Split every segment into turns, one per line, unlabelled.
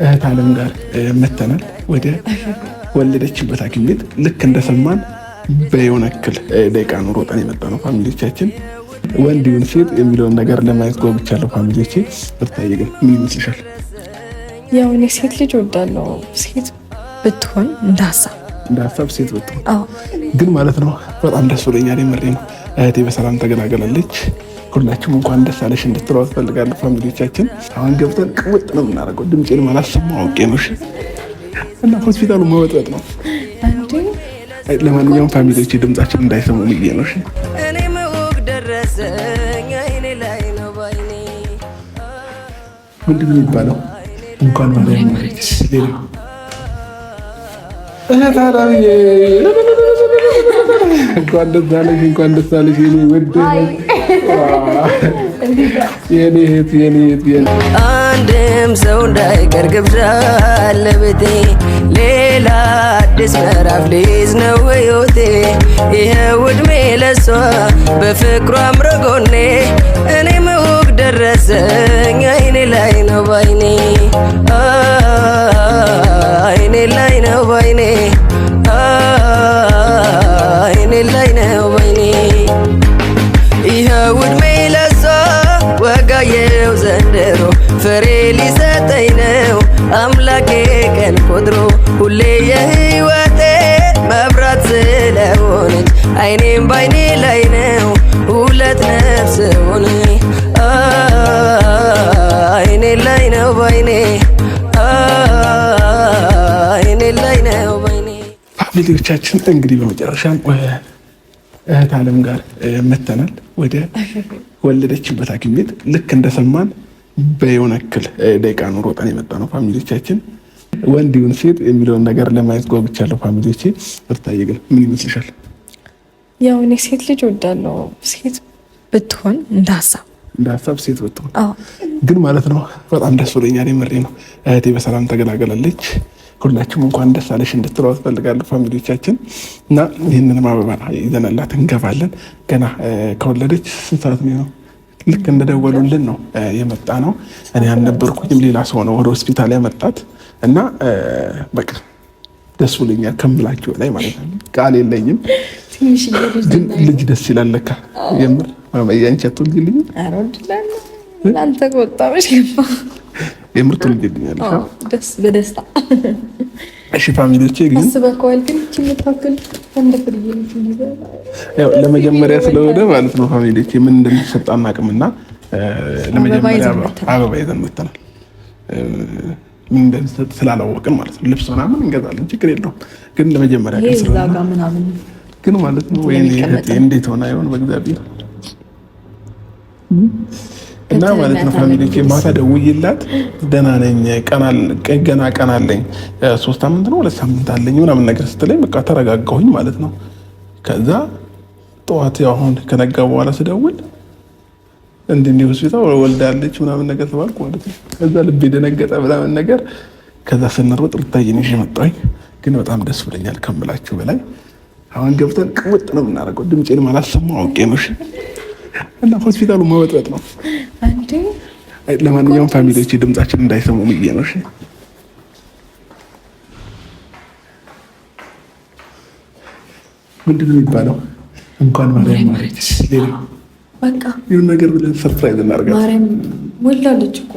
እህት አለም ጋር መተናል። ወደ ወለደችበት ሐኪም ቤት ልክ እንደሰማን በየሆነ ክል ደቂቃ ኑሮ ወጠን የመጣ ነው። ፋሚሊዎቻችን ወንድ ይሁን ሴት የሚለውን ነገር ለማየት ጓጉቻለሁ። ፋሚሊዎቼ ብርታዬ ግን ምን ይመስልሻል?
ያው እኔ ሴት ልጅ ወዳለው ሴት ብትሆን እንደ ሀሳብ
እንደ ሀሳብ ሴት ብትሆን ግን ማለት ነው በጣም ደስ ብሎኛል። የምሬ ነው። እህቴ በሰላም ተገላገላለች። ሁላችሁም እንኳን ደስ አለሽ እንድትሉ አስፈልጋለሁ። ፋሚሊዎቻችን አሁን ገብተን ቅውጥ ነው የምናደርገው። ድምፄን አላሰማ አውቄ ነው እና ሆስፒታሉ መወጥወጥ ነው። ለማንኛውም ፋሚሊዎች ድምጻችን እንዳይሰሙ ብዬ ነው። እኔ መወቅ ደረሰኝ አይኔ ላይ ነው ባይኔ ምንድን ነው የሚባለው? እንኳን እንኳን ደስ አለሽ እንኳን ደስ አለሽ ወደ አንድም ሰው እንዳይቀር ግብዣ ለቤቴ ሌላ አዲስ ምዕራፍ ሊይዝ ነው ህይወቴ። ይኸው ዕድሜ ለሷ በፍቅሯ አምረጎኔ እኔም እሑድ ደረሰኝ አይኔ ላይ ነው ባይኔ አይኔ ላይ ነው ባይኔ ነው ዘንድሮ ፍሬ ሊሰጠኝ ነው አምላኬ ቀን ቆጥሮ ሁሌ የህይወቴ መብራት ስለሆነች አይኔም ባይኔ ላይ ነው ሁለት ነፍስ ሆነ አይኔ ላይ ነው ባይኔ አይኔ ፋሚሊዎቻችን እንግዲህ በመጨረሻም እህት አለም ጋር መተናል ወደ ወለደችበት ሐኪም ቤት ልክ እንደሰማን በየሆነ እክል ደቂቃ ኑሮ ጠን የመጣ ነው። ፋሚሊዎቻችን ወንድ ይሁን ሴት የሚለውን ነገር ለማየት ጓጉቻለሁ። ፋሚሊዎች እርታዬ ግን ምን ይመስልሻል?
ያው እኔ ሴት ልጅ ወዳለው ሴት ብትሆን እንደ ሀሳብ
እንደ ሀሳብ ሴት ብትሆን ግን ማለት ነው በጣም ደስ ብሎኛል። የምሬ ነው። እህቴ በሰላም ተገላገላለች። ሁላችሁም እንኳን ደስ አለሽ እንድትለው አስፈልጋለሁ ፋሚሊዎቻችን እና ይህንንም አበባ ይዘናላት እንገባለን። ገና ከወለደች ስንት ሰዓት ነው? ልክ እንደደወሉልን ነው የመጣ ነው። እኔ አልነበርኩኝም፣ ሌላ ሰው ነው ወደ ሆስፒታል ያመጣት እና በቃ ደስ ብሎኛል ከምላችሁ ላይ ማለት ነው። ቃል የለኝም፣ ግን ልጅ ደስ ይላል ለካ የምር ማመያንቻ ትወልጅልኝ የምርቱ ልልኛል
ደስ በደስታ
እሺ። ፋሚሊዎቼ
ግን ግን እቺ
ለመጀመሪያ ስለሆነ ማለት ነው ፋሚሊዎቼ ምን እንደሚሰጥ አናውቅምና ለመጀመሪያ አበባ ይዘን መተናል። ምን እንደሚሰጥ ስላላወቅን ማለት ነው። ልብስ ምናምን እንገዛለን፣ ችግር የለውም። ግን ለመጀመሪያ
ግን ስለሆነ
ግን ማለት ነው ወይ እንዴት ሆና ይሆን በእግዚአብሔር እና ማለት ነው ፋሚሊ ማታ ደውዬላት ደህና ነኝ ገና ቀን አለኝ ሶስት ሳምንት ነው ሁለት ሳምንት አለኝ ምናምን ነገር ስትለኝ በቃ ተረጋጋሁኝ ማለት ነው። ከዛ ጠዋት ያው አሁን ከነጋ በኋላ ስደውል እንዲህ ሆስፒታል ወልዳለች ምናምን ነገር ተባልኩ ማለት ነው። ከዛ ልብ የደነገጠ ምናምን ነገር ከዛ ስንሮጥ ሩታዬን ይዤ መጣሁኝ። ግን በጣም ደስ ብለኛል ከምላችሁ በላይ አሁን ገብተን ቅውጥ ነው የምናደርገው። ድምፄንም አላሰማሁም አውቄ ነው እና ሆስፒታሉ ማበጥበጥ ነው ለማንኛውም ፋሚሊዎች ድምጻችን እንዳይሰሙ ብዬ ነው። እሺ ምንድን ነው የሚባለው? እንኳን ማርያም
ማረችሽ። በቃ
ይሁን ነገር ብለን ሰርፕራይዝ እናደርጋለን።
ማርያም ወልዳለች እኮ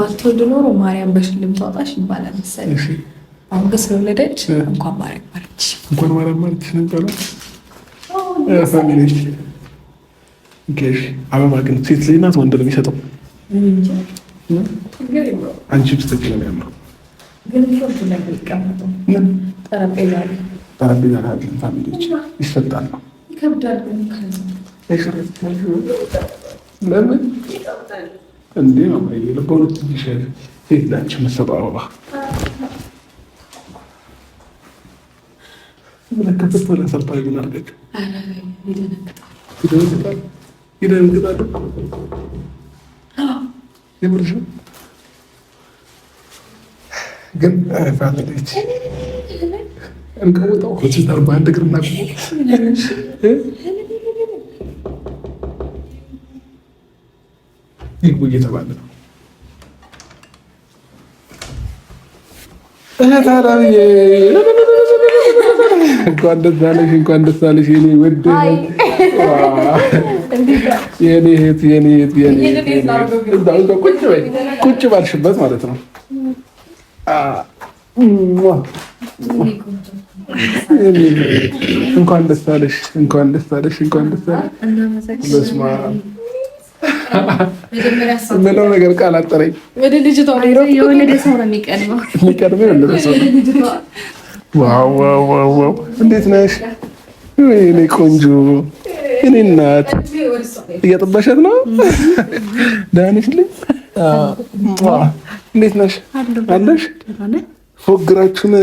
ባትወልድ ኖሮ ማርያም በሽልም ታውጣሽ ይባላል መሰለኝ። አሁን ግን ስለወለደች እንኳን ማርያም
ማረችሽ፣ እንኳን ማርያም ማረችሽ ነው የሚባለው ፋሚሊዎች አበባ ግን ሴት ልጅ ናት ወንድ ነው የሚሰጠው? አንቺ ብትክል ነው ያለው። ጠረጴዛ ላይ ፋሚሊዎች ይሰጣል እንዴ ነው በሁለት ትንሽ ሴት ናቸው የምትሰጠው አበባ ምንከፍት ሆነ ሰርታዊ ምን ይደነግጣል። የምርሽ ግን ፋሚሊዎች እንቀውጠው ሆስፒታል በአንድ እግር እና ይግቡ እየተባለ ነው። እንኳን ደስ አለሽ፣ እንኳን ደስ አለሽ የኔ ውድ የኔ እህት የኔ እህት
የኔ እህት
ቁጭ በይ ቁጭ ባልሽበት ማለት ነው። እንኳን ደስ አለሽ፣ እንኳን ደስ አለሽ፣ እንኳን ደስ
አለሽ።
በስመ አብ ነገር ቃል አጠረኝ።
ወደ ልጅቷ ነው የሚቀድመው፣ ነው።
ዋው ዋው ዋው! እንዴት ነሽ የኔ ቆንጆ? እኔ እናት እያጠባሻት ነው። ደህና ነሽ? እንዴት ነሽ? አለሽ? ፎግራችሁን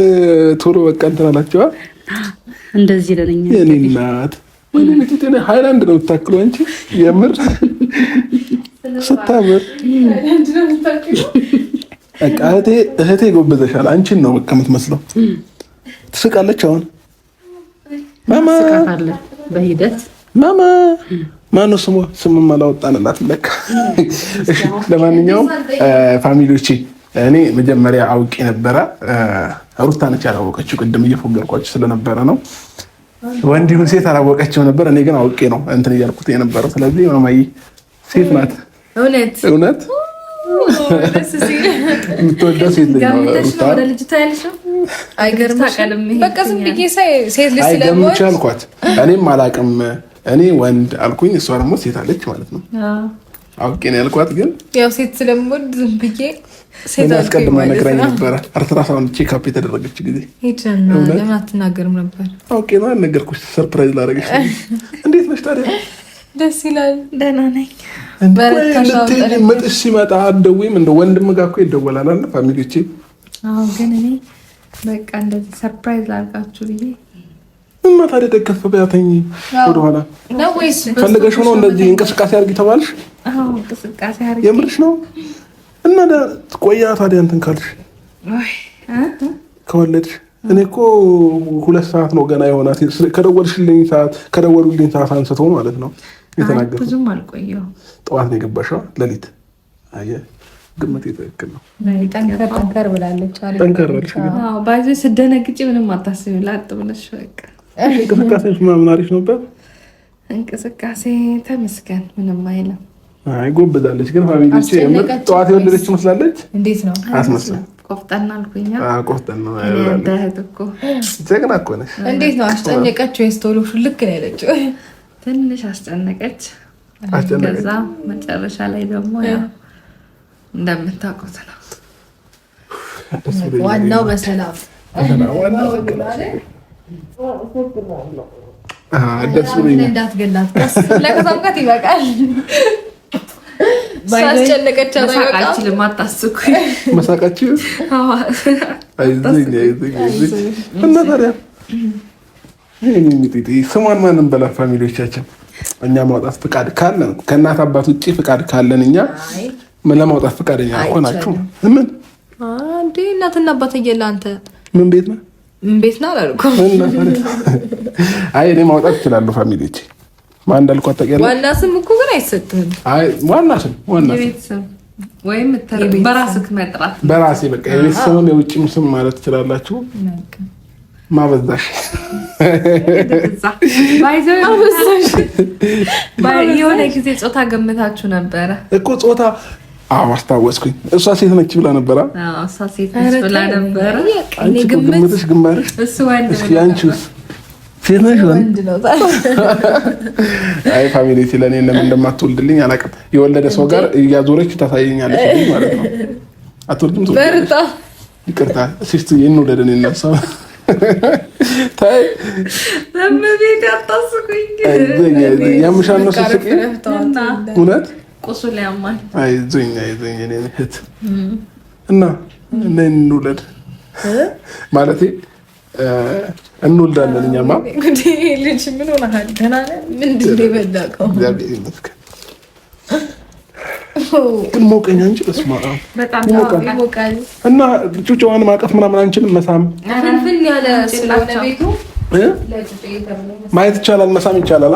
ቶሎ በቃ እንትን አላቸዋል።
እንደዚህ ለነኛ
የኔ እናት ወይኔ ሃይላንድ ነው የምታክሉ አንቺ። የምር ስታምር በቃ እህቴ እህቴ ጎበዘሻል። አንቺን ነው በቃ የምትመስለው። ትስቃለች አሁን ማማ በሂደት ማማ ማነው ስሙ? ስሙም አላወጣንላት ለካ። ለማንኛውም ፋሚሊዎቼ እኔ መጀመሪያ አውቄ ነበረ። ሩታ ነች ያላወቀችው። ቅድም እየፎገርኳችሁ ስለነበረ ነው። ወንድ ይሁን ሴት አላወቀችው ነበር። እኔ ግን አውቄ ነው እንትን እያልኩት የነበረው። ስለዚህ ማማዬ ሴት ናት። እውነት እውነት የምትወደው ሴት
ልጅ ነው ሩታ። አይገርምሽ? በቃ ዝም ብዬሽ ሳይ ሴት ልጅ ስለምወድ አይገርምሽ
አልኳት። እኔም አላቅም እኔ ወንድ አልኩኝ፣ እሷ ደግሞ ሴት አለች ማለት ነው። አውቄ ነው ያልኳት፣ ግን
ያው ሴት ስለምወድ ዝም ብዬ
አስቀድማ ነግራኝ ነበረ። አልትራሳውንድ ቼክአፕ የተደረገች ጊዜ
ለምን አትናገርም ነበር?
አውቄ ነው ያልነገርኩሽ፣ ሰርፕራይዝ ላደረገች። እንዴት ነሽ ታዲያ?
ደስ ይላል። ደህና ነኝ።
መጥሽ ሲመጣ አትደውይም? እንደ ወንድም ጋር እኮ ይደወላል አለ ፋሚሊዎቼ።
ግን እኔ በቃ እንደዚህ ሰርፕራይዝ ላርጋችሁ ብዬ
እማ ታዲያ ደገፍ በያ ተኝ ወደኋላ ፈልገሽ ሆኖ እንደዚህ እንቅስቃሴ አድርጊ ተባልሽ የምርሽ ነው እና ቆያ ታዲያ እንትን ካልሽ ከወለድሽ እኔ እኮ ሁለት ሰዓት ነው ገና የሆናት ከደወልሽልኝ ሰዓት ከደወሉልኝ ሰዓት አንስቶ ማለት ነው የተናገርኩት
ብዙም አልቆየሁ
ጠዋት ነው የገባሽው ሌሊት አየህ ግምት ትክክል
ነው። ጠንከር ብላለች። ጠንከር ብላለች። ባዚ ስደነግጭ ምንም አታስቢ ላጥ ብለሽ በቃ
እንቅስቃሴ ምናምን አሪፍ ነበር።
እንቅስቃሴ ተመስገን፣ ምንም አይልም።
አይ ጎብዛለች፣ ግን ፋሚሊዎቼ ጠዋት የወለደች ትመስላለች። እንዴት ነው አስመስል?
ቆፍጠና አልኩኛ። እንዴት ነው አስጨነቀች ወይስ ቶሎ ሹልክ ትንሽ መጨረሻ ላይ ደግሞ እንደምታውቁት ነው ዋናው በሰላም
እንዳትገላት
ለመሳምቀት ይበቃል።
ስሟን ፋሚሊዎቻችን እኛ ማውጣት ፍቃድ ካለን ከእናት አባት ውጭ ፍቃድ ካለን እኛ ለማውጣት ፍቃደኛ ሆናችሁ ምን
እናትና አባት እየለ ምን ቤት ነው ቤት ና
አላልኩም። አይ እኔ ማውጣት እችላለሁ። ፋሚሊዎች ማን እንዳልኳት ታውቂያለሽ።
ዋና ስም እኮ ግን አይሰጥህም።
አይ ዋና ስም ዋና ስም በራሴ በቃ የቤት ስምም የውጭም ስም ማለት ትችላላችሁ። ማበዛሽ
የሆነ ጊዜ ገምታችሁ ነበረ
እኮ አዎ አስታወስኩኝ። እሷ ሴት ነች ብላ ነበረ።
እሷ ሴት ግምትሽ
ግንባርሽ እሱ ነው። ሴት ነሽ ወንድ ነው? አይ ፋሚሊ ለእኔ ለምን እንደማትወልድልኝ አላውቅም። የወለደ ሰው ጋር እያዞረች ታሳየኛለች ማለት ነው። አትወልድም? በርታ። ይቅርታ ሲስት እንውለድ እናሳ ታይ
ቁስሉ ያማል።
አይዞኝ አይዞኝ እኔ እህት እና እኔ እንውለድ ማለቴ እንወልዳለን። እኛማ
ልጅ ምን ሆነሃል? ደህና ነህ? ምንድን ነው የበላከው?
ግን ሞቀኛ እንጂ በስመ
አብ
ይሞቃል። እና ጩጫዋን ማቀፍ ምናምን አንችልም። መሳም ማየት ይቻላል፣ መሳም ይቻላል።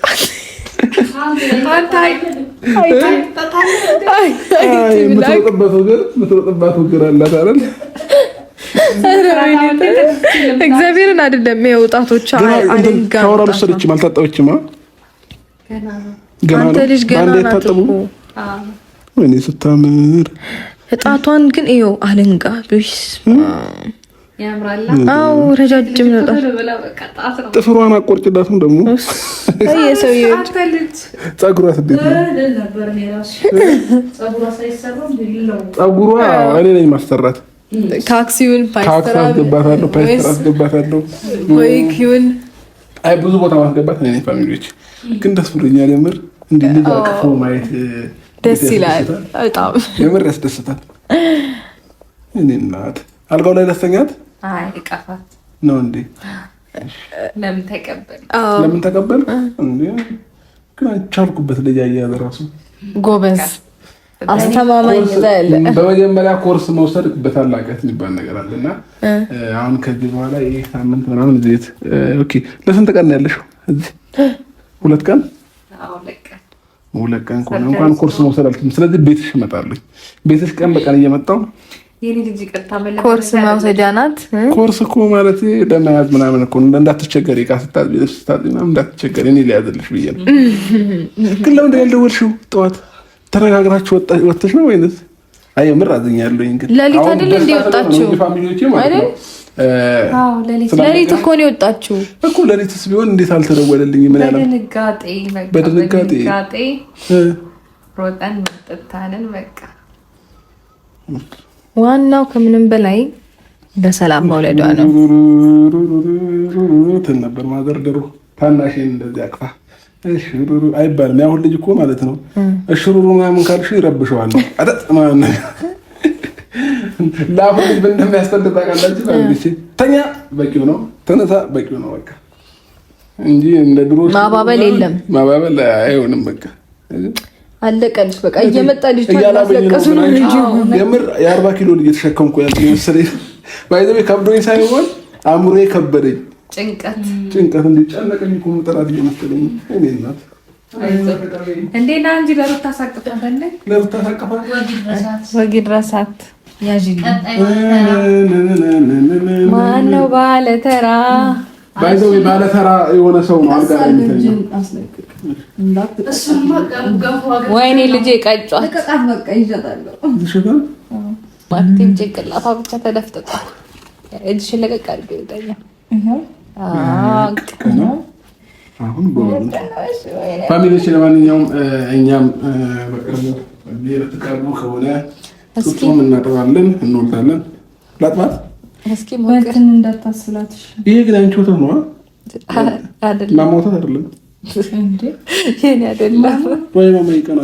የምትሮጥባት ወገር የምትሮጥባት ወገር አላት አይደል?
እግዚአብሔርን አይደለም። ይኸው ጣቶች ሻወር
አልወሰደችም፣ አልታጠበችም።
አንተ ልጅ ገና
ናት ስታምር።
ግን ይኸው አለንጋ አዎ ረጃጅም ነው።
ጥፍሯን አቆርጭላትም ደግሞ ሰውዬው ፀጉሯ ስደት ነው። ፀጉሯ እኔ ነኝ ማሰራት። ታክሲውን ታክሲ አስገባታለሁ፣ ፓይስተር አስገባታለሁ፣
ወይኪውን
አይ ብዙ ቦታ ማስገባት ነኝ። ፋሚሊዎች ግን ደስ ብሎኛል የምር እንዲህ ልጅ አቅፎ ማየት
ደስ ይላል። በጣም
የምር ያስደስታል። እኔ እናት አልጋው ላይ ደስተኛት ነው እንዴ?
ለምን ተቀበል
ለምን ተቀበል እንዴ? ግን ልጅ ራሱ
ጎበዝ አስተማማኝ
በመጀመሪያ ኮርስ መውሰድ በታላቀት የሚባል ነገር አለና አሁን ከዚህ በኋላ ይህ ሳምንት ምናምን ዜት ለስንት ቀን ያለሽው እዚህ? ሁለት ቀን ሁለት ቀን ከሆነ እንኳን ኮርስ መውሰድ አልችልም። ስለዚህ ቤትሽ እመጣለሁ። ቤትሽ ቀን በቀን እየመጣሁ
ኮርስ መውሰጃ ናት።
ኮርስ እኮ ማለት ለመያዝ ምናምን እኮ እንዳትቸገር ቃ ስታጥቢ፣ ልብስ ስታጥቢ ምናምን እንዳትቸገሪ እኔ ሊያዝልሽ ብዬ ነው። ግን ለምንድን ነው ያልደወልሽው? ጠዋት ተነጋግራችሁ ወጥተሽ ነው ወይነት? አየ ምር አዝኛለሁኝ።
ግን ለሊት አይደል እንደ ወጣችሁ ለሊት እኮ ነው የወጣችሁ
እኮ። ለሊትስ ቢሆን እንዴት አልተደወለልኝ? ምን ያለ በድንጋጤ
ሮጠን መጠታንን በቃ ዋናው ከምንም በላይ በሰላም መውለዷ
ነው። እንትን ነበር ማዘር ታናሽን እንደዚህ አቅፋ እሽሩሩ አይባልም። ያሁን ልጅ እኮ ማለት ነው እሽሩሩ ምናምን ካልሽ ይረብሸዋል ነው አጠጥ ምናምን ለአሁን ልጅ እንደሚያስፈልግ ታውቃላችሁ። አንቺ ተኛ በቂው ነው፣ ተነሳ በቂው ነው በቃ እንጂ እንደ ድሮ ማባበል የለም ማባበል አይሆንም በቃ
አለቀልሽ በቃ እየመጣ ልጅ
እያላለቀሱ ነው። ልጅ የምር የአርባ ኪሎ ልጅ የተሸከምኩ ያስመስል ባይዘ ከብዶኝ ሳይሆን አእምሮ ከበደኝ። ጭንቀት ጭንቀት እንዲጨነቀኝ እኮ የምጠላት እየመሰለኝ እኔ ናት
እንዴና እንጂ ለሩታ ሳቅፋለን፣
ለሩታ ሳቅፋለን።
ወግ ድረሳት ያዥ ማነው ባለ ተራ
ባይዘው ባለተራ የሆነ ሰው ነው።
አልጋ ላይ የሚተኛው ወይኔ ልጄ ቀጫት ማርቲን ጭንቅላቷ ብቻ ተደፍጥጧል። እጅሽን ለቀቅ አድርጊው ይወጣኛል።
አሁን ፋሚሊዎች፣ ለማንኛውም እኛም በቅርቡ ብትቀርቡ ከሆነ ጡጦም እናጥባለን፣ እንወልዳለን። ላጥባት
በእንትን እንዳታስላት።
ይሄ ግን አንቺ ወተት ነው አይደለም? ማማ አይደለም
እንዴ? ይሄን አይደለም
ወይ? ማማ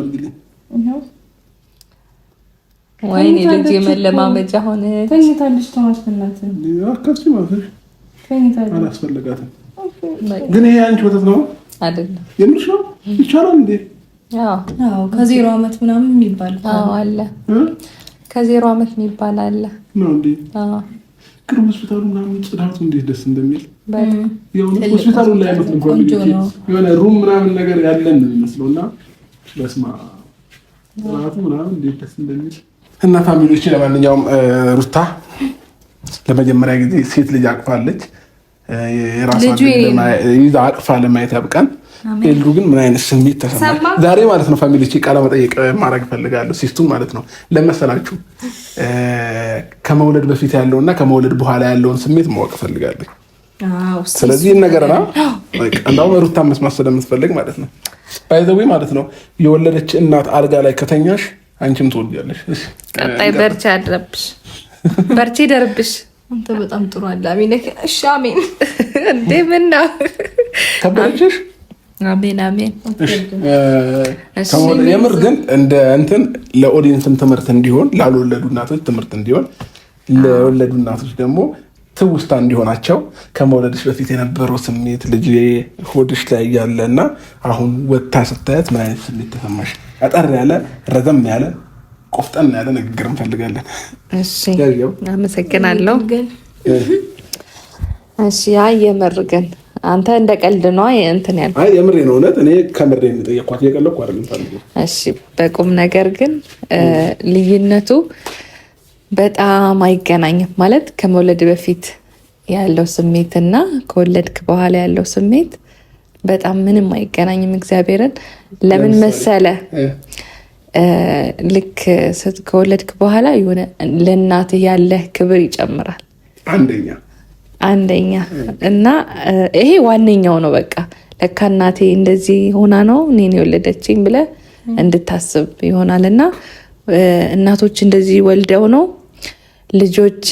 ወይኔ ልጅ የመለማመጃ ሆነ። ተኝታለች። ተዋት እናትህ
አካፍቺ ማፈሽ ተኝታለች። አላስፈለጋትም። ግን ይሄ አንቺ ወተት ነው አይደለም? የምልሽ ነው። ይቻላል እንዴ?
አዎ ከዜሮ አመት ምናምን የሚባል አለ። ከዜሮ አመት የሚባል አለ ነው እንዴ? አዎ
ግን ሆስፒታሉ ምናምን ጽዳቱ እንዴት ደስ እንደሚል ሆስፒታሉ ላይ አይመስልም። የሆነ ሩም ምናምን ነገር ያለን ነው የሚመስለው እና በስማ ጽዳቱ ምናምን እንዴት ደስ እንደሚል እና ፋሚሊዎች፣ ለማንኛውም ሩታ ለመጀመሪያ ጊዜ ሴት ልጅ አቅፋለች። የራሷ ይዛ አቅፋ ለማየት ያብቃን። ኤልዱ ግን ምን አይነት ስሜት ተሰማ ዛሬ ማለት ነው። ፋሚሊዎች ቃለ መጠየቅ ማድረግ ፈልጋለሁ። ሲስቱ ማለት ነው ለመሰላችሁ ከመውለድ በፊት ያለውና ከመውለድ በኋላ ያለውን ስሜት ማወቅ ፈልጋለሁ። ስለዚህ ነገርና እንዳሁም ሩታ መስማት ስለምትፈልግ ማለት ነው ባይ ዘ ባይዘዊ ማለት ነው የወለደች እናት አልጋ ላይ ከተኛሽ አንቺም ትወልጃለሽ።
ቀጣይ በርቻ አድረብሽ በርቺ ደርብሽ አንተ በጣም ጥሩ አላሚ ነህ። እሺ አሜን። እንዴ ምን ነው ተበርችሽ አሜን አሜን።
የምር ግን እንደ እንትን ለኦዲየንስም ትምህርት እንዲሆን ላልወለዱ እናቶች ትምህርት እንዲሆን ለወለዱ እናቶች ደግሞ ትውስታ እንዲሆናቸው ከመውለድሽ በፊት የነበረው ስሜት ልጅ ሆድሽ ላይ ያለ እና አሁን ወታ ስታያት ምን አይነት ስሜት ተሰማሽ? አጠር ያለ ረዘም ያለ ቆፍጠን ያለ ንግግር እንፈልጋለን።
አመሰግናለሁ። እሺ የምር ግን አንተ እንደ ቀልድ ነ እንትን ያልኩት። አይ
የምሬ ነው እውነት። እኔ ከምሬ የጠየኳት እየቀለኩ አይደለም።
እሺ በቁም ነገር ግን ልዩነቱ በጣም አይገናኝም ማለት ከመውለድ በፊት ያለው ስሜት እና ከወለድክ በኋላ ያለው ስሜት በጣም ምንም አይገናኝም። እግዚአብሔርን ለምን መሰለ ልክ ከወለድክ በኋላ የሆነ ለእናትህ ያለህ ክብር ይጨምራል አንደኛ አንደኛ እና ይሄ ዋነኛው ነው። በቃ ለካ እናቴ እንደዚህ ሆና ነው እኔን የወለደችኝ ብለ እንድታስብ ይሆናል። እና እናቶች እንደዚህ ወልደው ነው ልጆች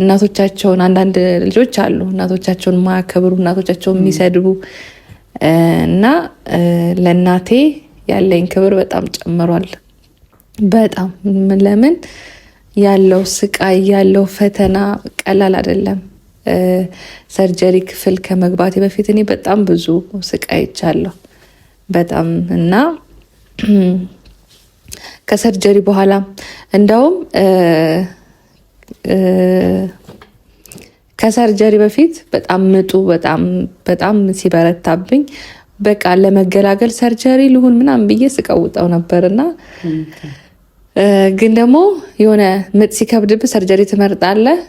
እናቶቻቸውን አንዳንድ ልጆች አሉ እናቶቻቸውን ማያከብሩ እናቶቻቸውን የሚሰድቡ እና ለእናቴ ያለኝ ክብር በጣም ጨምሯል። በጣም ለምን ያለው ስቃይ ያለው ፈተና ቀላል አይደለም። ሰርጀሪ ክፍል ከመግባቴ በፊት እኔ በጣም ብዙ ይቻለሁ በጣም እና ከሰርጀሪ በኋላ እንደውም ከሰርጀሪ በፊት በጣም ምጡ በጣም በጣም ሲበረታብኝ በቃ ለመገላገል ሰርጀሪ ልሁን ምናምን ብዬ ስቀውጠው ነበርና ግን ደግሞ የሆነ ምጥ ሲከብድብ ሰርጀሪ ትመርጣለህ።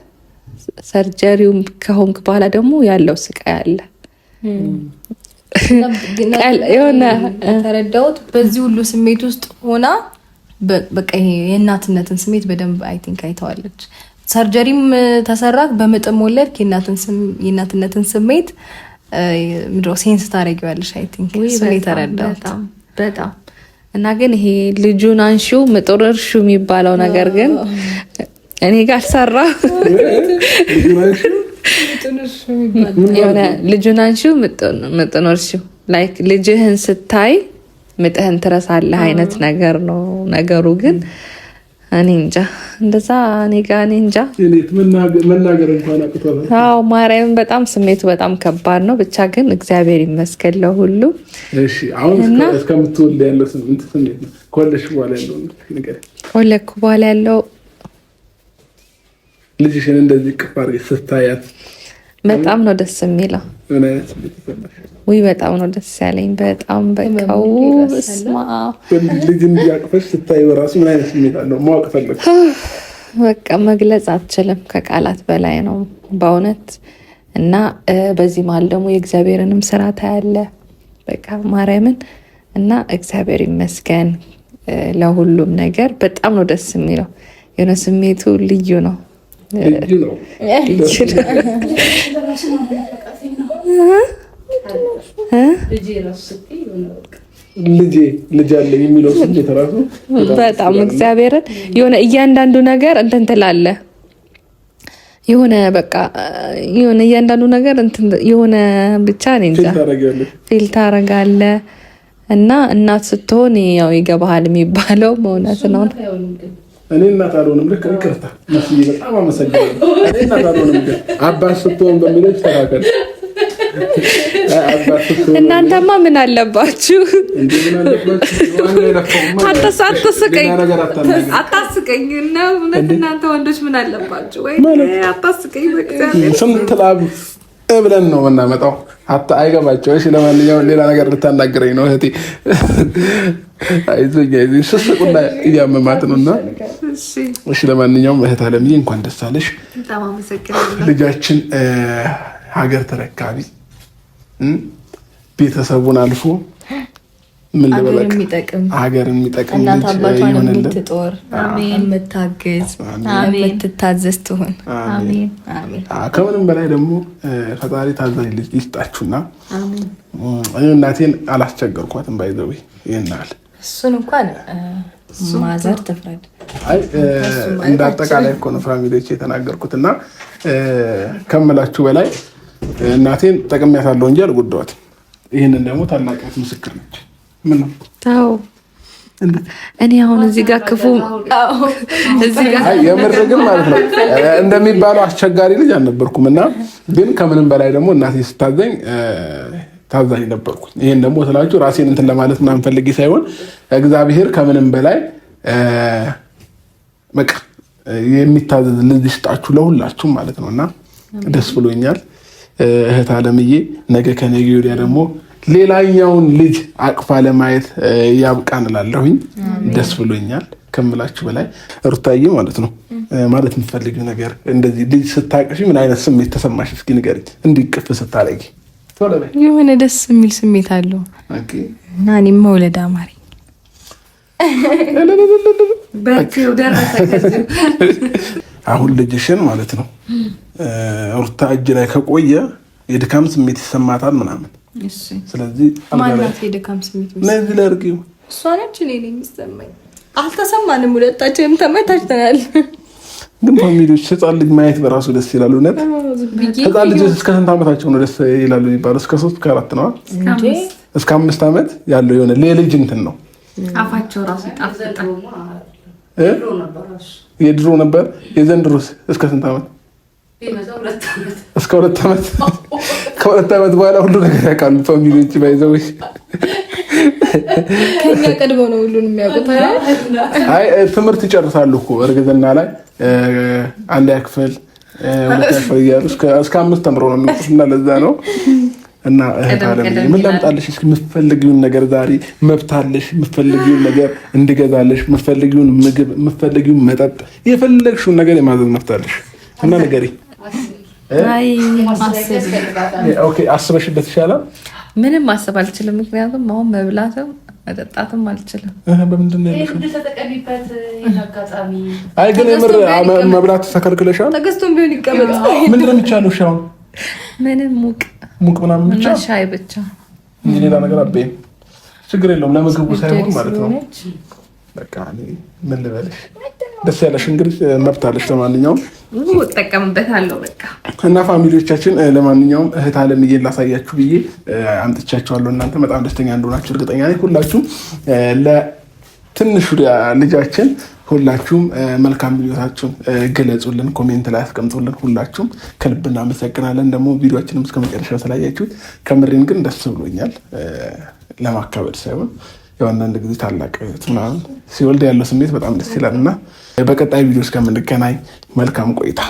ሰርጀሪውም ከሆንክ በኋላ ደግሞ ያለው ስቃይ አለ። የሆነ ተረዳሁት። በዚህ ሁሉ ስሜት ውስጥ ሆና በቃ ይሄ የእናትነትን ስሜት በደንብ አይ ቲንክ አይተዋለች። ሰርጀሪም ተሰራክ በምጥም ወለድክ የእናትነትን ስሜት ምድሮ ሴንስ ታደርጊዋለሽ። አይ ቲንክ እሱን የተረዳሁት በጣም እና ግን ይሄ ልጁን አንሺው ምጡር እርሹ የሚባለው ነገር ግን እኔ ጋር ሰራ የሆነ ልጁን አንሺው ምጥኖርሺው ላይክ ልጅህን ስታይ ምጥህን ትረሳለህ አይነት ነገር ነው ነገሩ ግን እኔ እንጃ እንደዛ እኔ ጋ እኔ እንጃ
መናገር እንኳን አቅቶናል።
አዎ ማርያምን በጣም ስሜቱ በጣም ከባድ ነው። ብቻ ግን እግዚአብሔር ይመስገን ለሁሉ። አሁን ያለው
ስሜት ነው። ከወለድሽ በኋላ ያለው ነገር
ከወለድኩ በኋላ ያለው
ልጅሽን እንደዚህ ቅፍ አድርገሽ ስታያት
በጣም ነው ደስ የሚለው። ውይ በጣም ነው ደስ ያለኝ። በጣም በቃው
ልጅ እንዲያቅፈሽ ስታይ በራሱ ምን አይነት ስሜት አለው ማወቅ ፈለግ
በቃ መግለጽ አትችልም። ከቃላት በላይ ነው በእውነት እና በዚህ መሀል ደግሞ የእግዚአብሔርንም ስራ ታያለ። በቃ ማርያምን እና እግዚአብሔር ይመስገን ለሁሉም ነገር። በጣም ነው ደስ የሚለው የሆነ ስሜቱ ልዩ ነው።
ልጄ ልጅ አለ የሚለው ስሜት ራሱ
በጣም እግዚአብሔርን የሆነ እያንዳንዱ ነገር እንትን ትላለህ የሆነ በቃ የሆነ እያንዳንዱ ነገር የሆነ ብቻ እንጃ
ፊል ታረጋለህ
እና እናት ስትሆን ያው ይገባሃል የሚባለው በእውነት ነው።
እኔ እናት አልሆንም። ልክ ይቅርታ መስዬ በጣም አመሰግናለሁ። እኔ እናት አልሆንም ግን አባት ስትሆን በሚለው ይስተካከል። እናንተማ
ምን አለባችሁ? አታስቀኝ፣ አታስቀኝ እና እናንተ ወንዶች ምን አለባችሁ? ወይ አታስቀኝ። በእግዚአብሔር ስንት
ላብ ብለን ነው የምናመጣው። ሀታ አይገባቸው። እሺ፣ ለማንኛውም ሌላ ነገር ልታናገረኝ ነው እህቴ። አይዞኝ ስስቁና እያመማት ነው እና እሺ፣ ለማንኛውም እህት አለምዬ እንኳን ደስ አለሽ። ልጃችን ሀገር ተረካቢ ቤተሰቡን አልፎ ምን ልበለቅ ሀገር የሚጠቅም እናት
አባቷን የምትጦር የምታግዝ የምትታዘዝ ትሆን።
ከምንም በላይ ደግሞ ፈጣሪ ታዛኝ ልጅ ይስጣችሁና እናቴን አላስቸገርኳትም። ባይዘዊ ይህናል እሱን እንኳን
ማዘር ትፍረድ። እንደ
አጠቃላይ እኮ ነው ፋሚሊዎች የተናገርኩት እና ከምላችሁ በላይ እናቴን ጠቅሜያታለሁ እንጂ አልጎዳኋትም። ይህንን ደግሞ ታላቂያት ምስክር ነች። ምነው?
እኔ አሁን እዚህ ጋር ክፉ
የምር ግን ማለት ነው እንደሚባለው አስቸጋሪ ልጅ አልነበርኩም፣ እና ግን ከምንም በላይ ደግሞ እናቴ ስታዘኝ ታዛኝ ነበርኩኝ። ይህን ደግሞ ስላችሁ ራሴን እንትን ለማለት ምናምን ፈልጌ ሳይሆን እግዚአብሔር ከምንም በላይ በቃ የሚታዘዝ ልጅ ይስጣችሁ ለሁላችሁም ማለት ነው እና ደስ ብሎኛል እህት አለምዬ ነገ ከነገ ወዲያ ደግሞ ሌላኛውን ልጅ አቅፋ ለማየት ያብቃን እላለሁኝ። ደስ ብሎኛል ከምላችሁ በላይ ሩታዬ ማለት ነው። ማለት የምትፈልጊው ነገር እንደዚህ ልጅ ስታቅፊ ምን አይነት ስሜት ተሰማሽ? እስኪ ንገሪኝ። እንዲቅፍ ስታረጊ የሆነ ደስ የሚል ስሜት አለው
እና እኔም መውለድ አማሪ
አሁን ልጅሽን ማለት ነው ሩታ እጅ ላይ ከቆየ የድካም ስሜት ይሰማታል ምናምን ስለዚህ
እሷ ነች። እኔ ነኝ የሚሰማኝ። አልተሰማንም፣ ሁለታችንም ተመታችተናል። ግን ፋሚሊዎች ህፃን
ልጅ ማየት በራሱ ደስ ይላል። እውነት ህፃን ልጆች እስከ ስንት ዓመታቸው ነው ደስ ይላሉ የሚባለው? እስከ ሶስት ከአራት ነዋ፣ እስከ አምስት ዓመት ያለው የሆነ እንትን ነው አፋቸው ራሱ
የድሮ ነበር። የዘንድሮስ እስከ ስንት ዓመት እስከ ሁለት ዓመት ከሁለት ዓመት በኋላ ሁሉ ነገር ያውቃሉ። ፋሚሊዎች ባይዘው ከኛ ቀድመው ነው ሁሉን የሚያውቁት።
አይ ትምህርት ይጨርሳሉ እኮ እርግዝና ላይ አንድ ያክፍል ክፍል እያሉ እስከ አምስት ተምሮ ነው የሚወጡት እና ለዛ ነው እና እህት አለምዬ ምን ላምጣልሽ? እስኪ የምትፈልጊውን ነገር ዛሬ መብታለሽ። የምትፈልጊውን ነገር እንድገዛለሽ፣ የምትፈልጊውን ምግብ፣ የምትፈልጊውን መጠጥ፣ የፈለግሽውን ነገር የማዘዝ መብታለሽ እና ነገሬ አስበሽበት ይሻላል። ምንም ማሰብ
አልችልም፣ ምክንያቱም አሁን መብላትም መጠጣትም አልችልም። በምንድን ነው ግን
የምር መብላት ተከልክለሻል። ትዕግስቱን ቢሆን ይቀበል። ምንድን ነው የሚቻለው? አሁን
ምንም ሙቅ ሙቅ
ምናምን ብቻ ሻይ ብቻ ሌላ ነገር አቤ ችግር የለውም። ለምግቡ ሳይሆን ማለት ነው። በቃ ምን ልበልሽ ደስ ያለሽ እንግዲህ መብታለሽ። ለማንኛውም እጠቀምበታለሁ በቃ እና ፋሚሊዎቻችን፣ ለማንኛውም እህት አለምዬን ላሳያችሁ ብዬ አምጥቻቸዋለሁ። እናንተ በጣም ደስተኛ እንደሆናችሁ እርግጠኛ ነኝ። ሁላችሁም ለትንሹ ልጃችን ሁላችሁም መልካም ምኞታችሁን ገለጹልን፣ ኮሜንት ላይ አስቀምጡልን። ሁላችሁም ከልብ እናመሰግናለን። ደግሞ ቪዲዮችንም እስከ መጨረሻ ስላያችሁት ከምሬን ግን ደስ ብሎኛል። ለማካበድ ሳይሆን ያው አንዳንድ ጊዜ ታላቅ ምናምን ሲወልድ ያለው ስሜት በጣም ደስ ይላል እና በቀጣይ ቪዲዮ እስከምንገናኝ መልካም ቆይታ